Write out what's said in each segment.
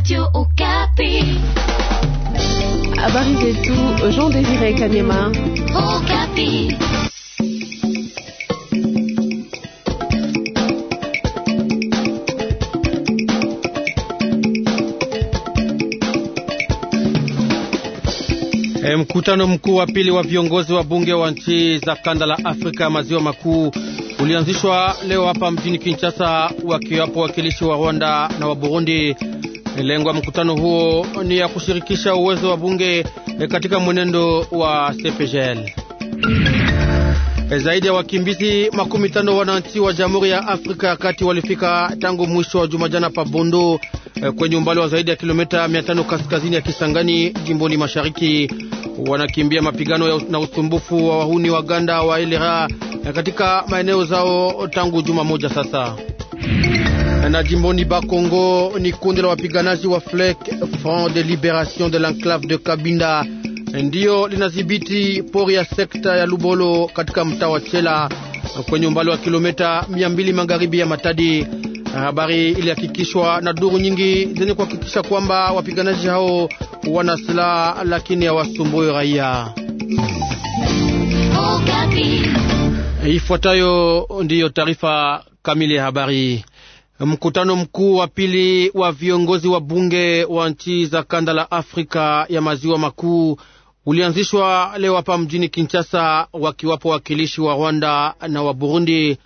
Radio Okapi. Habari zetu, Jean Désiré Kanyema. Okapi. Eh, mkutano mkuu wa pili wa viongozi wa bunge wa nchi za kanda la Afrika maziwa makuu ulianzishwa leo hapa mjini Kinshasa, wakiwapo wakilishi wa Rwanda na wa Burundi. Lengo ya mkutano huo ni ya kushirikisha uwezo wa bunge eh, katika mwenendo wa CPGL. Eh, zaidi ya wakimbizi makumi tano wananchi wa Jamhuri ya Afrika ya Kati walifika tangu mwisho wa Jumajana Bondo eh, kwenye umbali wa zaidi ya kilomita 500 kaskazini ya Kisangani jimboni mashariki. Wanakimbia mapigano na usumbufu wa wahuni wa ganda wa elera katika maeneo zao tangu juma moja sasa. Na jimboni Bakongo ni kundi la wapiganaji wa FLEC, Front de Liberation de l'Enclave de Kabinda, ndiyo linadhibiti pori ya sekta ya Lubolo katika mtaa wa Chela kwenye umbali wa kilomita 200 magharibi ya Matadi. Habari ilihakikishwa na duru nyingi zenye kuhakikisha kwamba wapiganaji hao wana silaha lakini hawasumbui raia. Ifuatayo ndiyo taarifa kamili ya habari. Mkutano mkuu wa pili wa viongozi wa bunge wa nchi za kanda la Afrika ya maziwa makuu ulianzishwa leo hapa mjini Kinshasa, wakiwapo wawakilishi wa Rwanda na wa Burundi.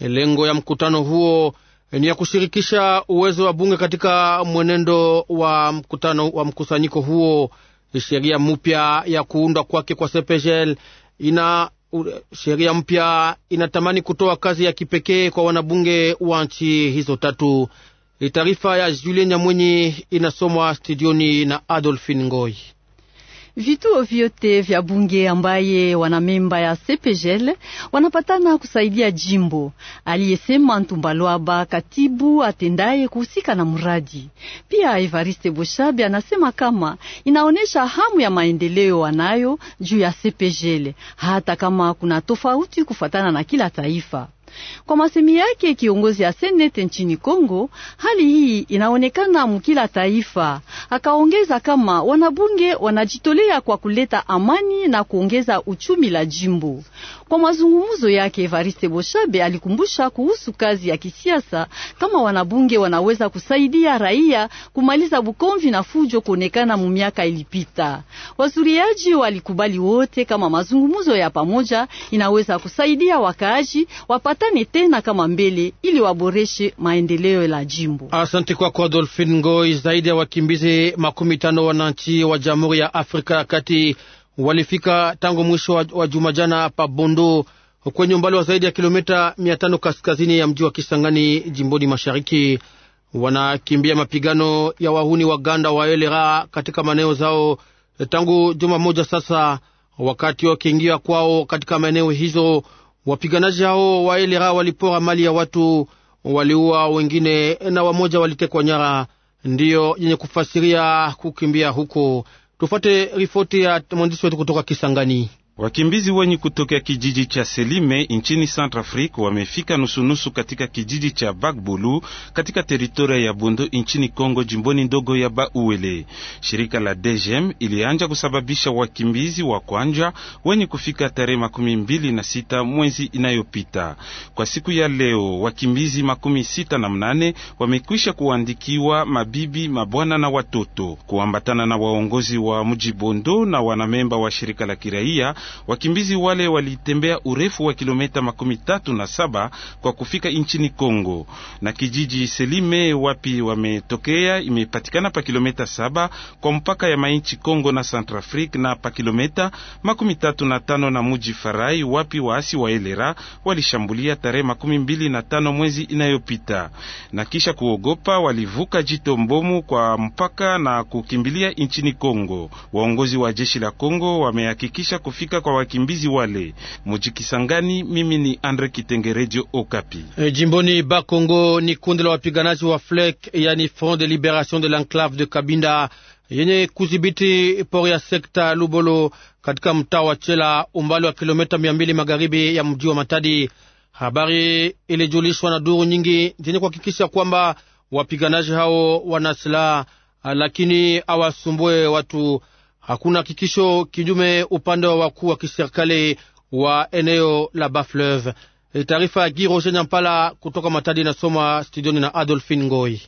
Lengo ya mkutano huo ni ya kushirikisha uwezo wa bunge katika mwenendo wa mkutano wa mkusanyiko huo. Sheria mpya ya kuundwa kwake kwa, kwa ina sheria mpya inatamani kutoa kazi ya kipekee kwa wanabunge wa nchi hizo tatu. Taarifa ya Julien Nyamwenyi inasomwa studioni na adolfin Ngoi. Vituo vyote vya bunge ambaye wana memba ya CPGL wanapatana kusaidia jimbo, aliyesema Ntumbalwaba, katibu atendaye kuhusika na mradi. Pia Evariste boshabe anasema kama inaonyesha hamu ya maendeleo wanayo juu ya CPGL, hata kama kuna tofauti kufatana na kila taifa. Kwa masemi yake kiongozi ya senete nchini Kongo, hali hii inaonekana mkila taifa. Akaongeza kama wanabunge wanajitolea kwa kuleta amani na kuongeza uchumi la jimbo. Kwa mazungumzo yake, Evariste Boshabe alikumbusha kuhusu kazi ya kisiasa, kama wanabunge wanaweza kusaidia raia kumaliza bukomvi na fujo kuonekana mumiaka ilipita. Wazuriaji walikubali wote kama mazungumzo ya pamoja inaweza kusaidia wakaaji wapata wakutane tena kama mbele ili waboreshe maendeleo la jimbo. Asante kwako Adolfine Ngoi. Zaidi ya wakimbizi makumi tano wananchi wa Jamhuri ya Afrika ya Kati walifika tangu mwisho wa, wa juma jana pa Bondo kwenye umbali wa zaidi ya kilomita mia tano kaskazini ya mji wa Kisangani jimboni mashariki. Wanakimbia mapigano ya wahuni Waganda wa elera katika maeneo zao tangu juma moja sasa, wakati wakiingia kwao katika maeneo hizo Wapiganaji hao wa Elera walipora mali ya watu, waliua wengine na wamoja walitekwa nyara, ndiyo yenye kufasiria kukimbia huko. Tufate ripoti ya mwandishi wetu kutoka Kisangani. Wakimbizi wenye kutokea kijiji cha Selime nchini Centrafrique wamefika nusunusu katika kijiji cha Bagbulu katika teritoria ya bundu nchini congo jimboni ndogo ya Bauele. Shirika la DGM ilianja kusababisha wakimbizi wa kwanja wenye kufika tarehe makumi mbili na sita mwezi inayopita. Kwa siku ya leo wakimbizi makumi sita na mnane wamekwisha kuandikiwa mabibi, mabwana na watoto kuambatana na waongozi wa mji Bundu na wanamemba wa shirika la kiraia Wakimbizi wale walitembea urefu wa kilomita makumi tatu na saba kwa kufika nchini Kongo, na kijiji Selime wapi wametokea imepatikana pa kilomita saba kwa mpaka ya mainchi Kongo na Centrafrique, na pa kilomita makumi tatu na tano na muji Farai wapi waasi wa Elera walishambulia tarehe makumi mbili na tano mwezi inayopita, na kisha kuogopa walivuka jito Mbomu kwa mpaka na kukimbilia nchini Kongo. Waongozi wa jeshi la Kongo wamehakikisha kufika kutumika kwa wakimbizi wale. Mujikisangani, mimi ni Andre Kitenge, Radio Okapi. E, jimboni Bakongo ni kundi la wapiganaji wa FLEC, yani Front de Liberation de l'Enclave de Kabinda yenye kudhibiti pori ya sekta Lubolo katika mtaa wa Chela umbali wa kilomita mia mbili magharibi ya mji wa Matadi. Habari ilijulishwa na duru nyingi zenye kuhakikisha kwamba wapiganaji hao wana silaha, lakini hawasumbue watu hakuna hakikisho kinyume upande wa wakuu wa kiserikali wa eneo la Bafleuve. E, taarifa ya Giroje Nyampala kutoka Matadi inasoma studioni na Adolphine Ngoi.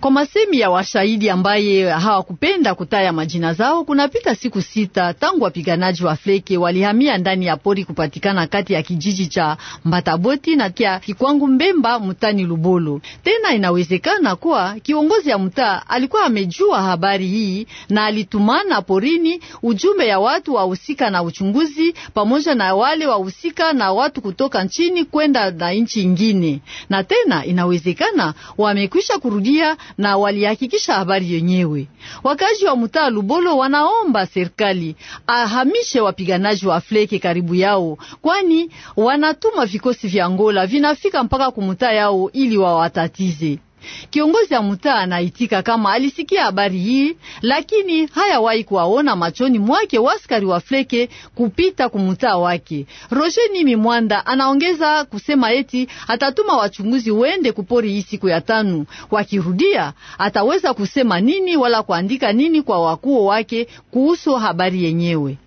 Kwa masemi ya washahidi ambaye hawakupenda kutaya majina zao, kunapita siku sita tangu wapiganaji wa Fleke walihamia ndani ya pori kupatikana kati ya kijiji cha Mbataboti na kia Kikwangu Mbemba mutani Lubolo. Tena inawezekana kuwa kiongozi ya mtaa alikuwa amejua habari hii na alitumana porini ujumbe ya watu wahusika na uchunguzi pamoja na wale wahusika na watu kutoka nchini kwenda na nchi ingine, na tena inawezekana wamekwisha kurudia na walihakikisha habari yenyewe. Wakazi wa mtaa Lubolo wanaomba serikali ahamishe wapiganaji wa Fleke karibu yao, kwani wanatuma vikosi vya Angola vinafika mpaka kumtaa yao ili wawatatize. Kiongozi ya mtaa anaitika kama alisikia habari hii, lakini hayawahi kuwaona machoni mwake waskari wa fleke kupita kumtaa wake. nimi mwanda anaongeza kusema eti atatuma wachunguzi wende kupori hii siku ya tano. Wakirudia ataweza kusema nini wala kuandika nini kwa wakuo wake kuhusu habari yenyewe.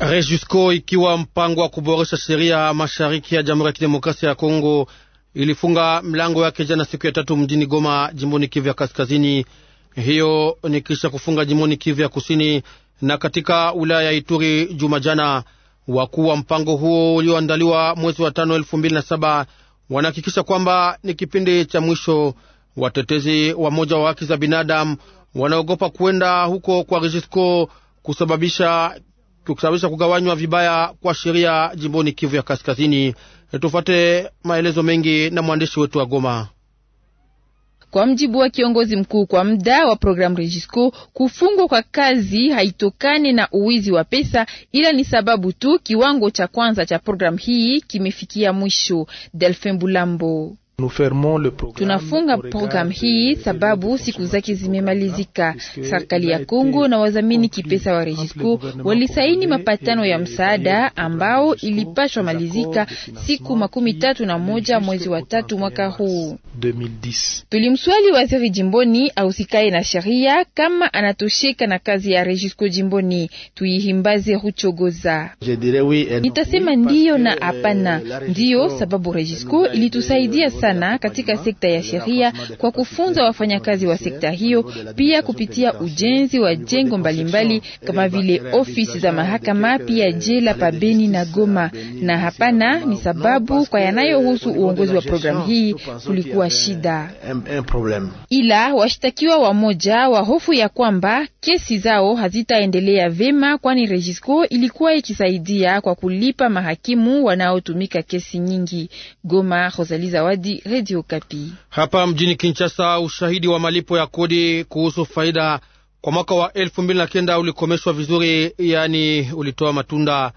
Rejusco ikiwa mpango wa kuboresha sheria mashariki ya Jamhuri ya Kidemokrasia ya Kongo ilifunga mlango wake jana siku ya tatu mjini Goma, jimboni Kivu ya Kaskazini. Hiyo ni kisha kufunga jimboni Kivu ya Kusini na katika wilaya ya Ituri juma jana. Wakuu wa mpango huo ulioandaliwa mwezi wa tano elfu mbili na saba wanahakikisha kwamba ni kipindi cha mwisho. Watetezi wa moja wa haki za binadamu wanaogopa kwenda huko kwa Regisco kusababisha, kusababisha kugawanywa vibaya kwa sheria jimboni Kivu ya Kaskazini. Tufate maelezo mengi na mwandishi wetu wa Goma. Kwa mjibu wa kiongozi mkuu kwa muda wa programu Regisco, kufungwa kwa kazi haitokani na uwizi wa pesa, ila ni sababu tu kiwango cha kwanza cha programu hii kimefikia mwisho. Delphin Bulambo Tunafunga programu hii sababu siku zake zimemalizika. Serikali ya Kongo na wazamini kipesa wa Regisco walisaini mapatano ya msaada ambao ilipashwa malizika siku makumi tatu na moja mwezi wa tatu mwaka huu. Tulimswali waziri jimboni ausikae na sheria kama anatosheka na kazi ya Regisco jimboni. Tuihimbaze Huchogoza. Nitasema ndiyo na eh, hapana. Ndiyo sababu Regisco ilitusaidia euh, sana sana katika sekta ya sheria kwa kufunza wafanyakazi wa sekta hiyo, pia kupitia ujenzi wa jengo mbalimbali kama vile ofisi za mahakama, pia jela pabeni na Goma. Na hapana, ni sababu kwa yanayohusu uongozi wa programu hii kulikuwa shida, ila washtakiwa wamoja wa hofu ya kwamba kesi zao hazitaendelea vema, kwani Regisco ilikuwa ikisaidia kwa kulipa mahakimu wanaotumika kesi nyingi. Goma, Rosalie Zawadi Radio Kapi. Hapa mjini Kinshasa, ushahidi wa malipo ya kodi kuhusu faida kwa mwaka wa elfu mbili na kenda ulikomeshwa vizuri, yaani ulitoa matunda.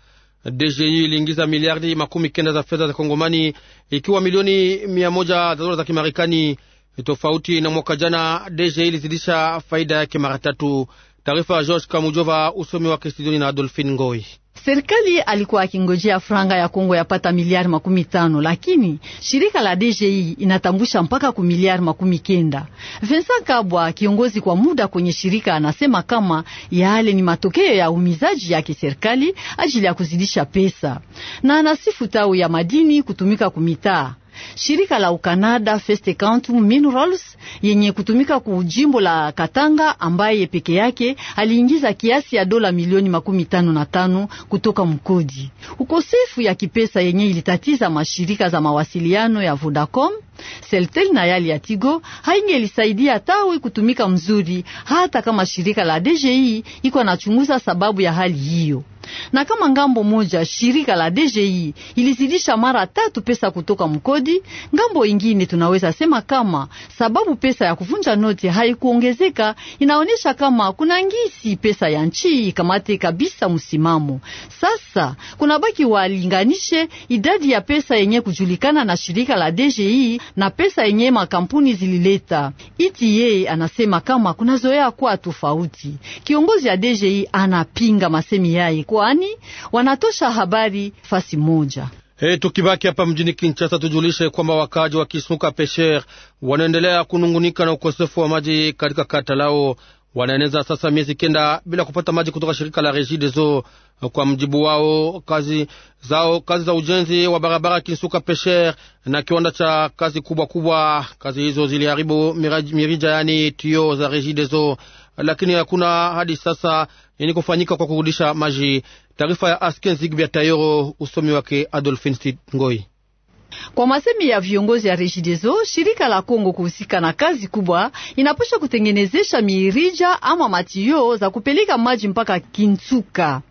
DGI iliingiza miliardi makumi kenda za fedha za Kongomani, ikiwa milioni mia moja za dola za Kimarekani. Tofauti na mwaka jana, DGI ilizidisha faida yake mara tatu. Taarifa ya George Kamujova, usomi wa studioni na Adolfine Ngoi. Serikali alikuwa akingojea franga ya Kongo yapata miliari makumi tano lakini shirika la DGI inatambusha mpaka ku miliari makumi kenda. Vincent Kabwa, kiongozi kwa muda kwenye shirika, anasema kama yale ni matokeo ya umizaji yake serikali ajili ya kuzidisha pesa, na anasifu tau ya madini kutumika kumitaa Shirika la Ukanada First count Minerals yenye kutumika ku jimbo la Katanga, ambaye peke yake aliingiza kiasi ya dola milioni makumi tano na tano kutoka mkodi. Ukosefu ya kipesa yenye ilitatiza mashirika za mawasiliano ya Vodacom, Celtel na yali ya Tigo haingelisaidia tawi kutumika mzuri, hata kama shirika la DGI iko anachunguza sababu ya hali hiyo. Na kama ngambo moja shirika la DGI ilizidisha mara tatu pesa kutoka mkodi, ngambo ingine tunaweza sema kama sababu pesa ya kuvunja noti haikuongezeka, inaonyesha kama kuna ngisi pesa ya nchi kamate kabisa msimamo. Sasa kuna baki walinganishe idadi ya pesa yenye kujulikana na shirika la DGI na pesa yenye makampuni zilileta. Iti yeye anasema kama kuna zoea kuwa tofauti. Kiongozi ya DGI anapinga masemi yaye kwani kwani wanatosha habari fasi moja. Hey, tukibaki hapa mjini Kinshasa tujulishe kwamba wakaaji wa Kisuka Pesher wanaendelea kunungunika na ukosefu wa maji katika kata lao. Wanaeneza sasa miezi kenda bila kupata maji kutoka shirika la Regideso. Kwa mjibu wao, kazi zao kazi za ujenzi wa barabara Kinsuka Pesher na kiwanda cha kazi kubwa kubwa, kazi hizo ziliharibu mirija, yani tio za Regideso lakini hakuna hadi sasa yenye kufanyika kwa kurudisha maji. Taarifa ya Zigbia Tayoro, usomi wake Adolfin St Ngoi. Kwa masemi ya viongozi ya Regideso, shirika la Kongo kuhusika na kazi kubwa, inapasha kutengenezesha mirija ama matiyo za kupeleka maji mpaka Kintsuka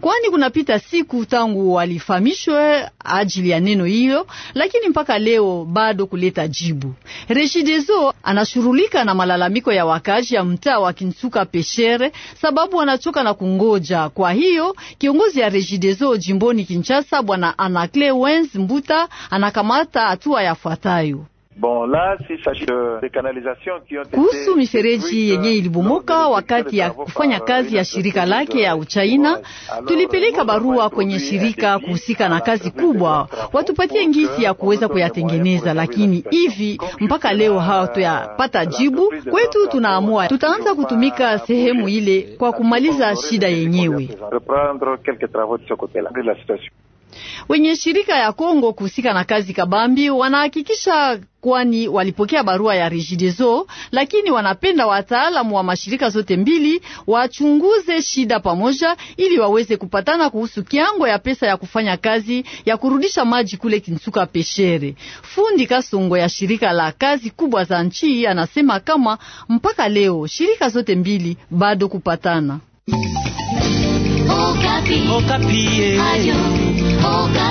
kwani kunapita siku tangu walifahamishwe ajili ya neno hilo, lakini mpaka leo bado kuleta jibu. Regideso anashurulika na malalamiko ya wakazi ya mtaa wa Kinsuka Peshere sababu wanachoka na kungoja. Kwa hiyo kiongozi ya Regideso jimboni Kinshasa, bwana Anakle Wenz Mbuta anakamata hatua yafuatayo. Bon, là, kuhusu mifereji euh, yenye ilibomoka wakati ya kufanya euh, kazi ya shirika lake ya Uchaina, tulipeleka barua kwenye shirika kuhusika na euh, kazi kubwa, watupatie ngisi ya kuweza kuyatengeneza, lakini hivi mpaka leo hawatuyapata jibu kwetu. Tunaamua tutaanza kutumika sehemu ile kwa kumaliza shida yenyewe. Wenye shirika ya Kongo kuhusika na kazi kabambi wanahakikisha kwani walipokea barua ya Rigidezo, lakini wanapenda wataalamu wa mashirika zote mbili wachunguze shida pamoja, ili waweze kupatana kuhusu kiango ya pesa ya kufanya kazi ya kurudisha maji kule Kinsuka Peshere. Fundi Kasongo ya shirika la kazi kubwa za nchi anasema kama mpaka leo shirika zote mbili bado kupatana Okapi. Okapi, yeah. all